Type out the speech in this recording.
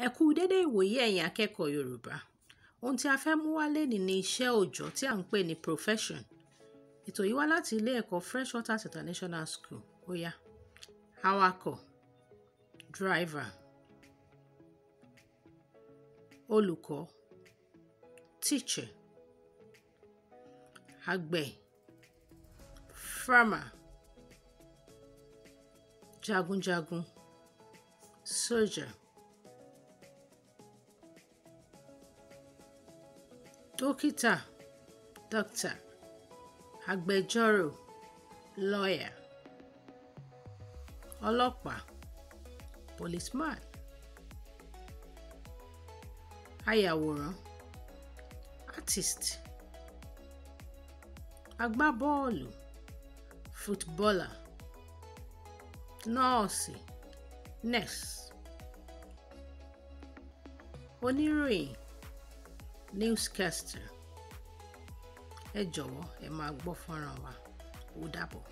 ẹ kú dédé ìwòyí ẹ̀yin akẹ́kọ̀ọ́ yorùbá ohun tí a fẹ́ mú wá lé ní iṣẹ́ òòjọ́ tí à ń pè ní profession ètò yìí wá láti ilé ẹ̀kọ́ fresh waters international school Oya, yá driver olùkọ́ teacher àgbẹ̀ farmer jagunjagun soldier. dókítà doctor agbẹjọ́rò lawyer ọlọ́pàá policeman ayàwòrán artist agbábọ́ọ̀lù footballer nọ́ọ̀sì nurse oníròyìn newscaster ẹ jọ̀wọ́ ẹ máa gbọ́ fọ́nrán wa ó dàbọ̀.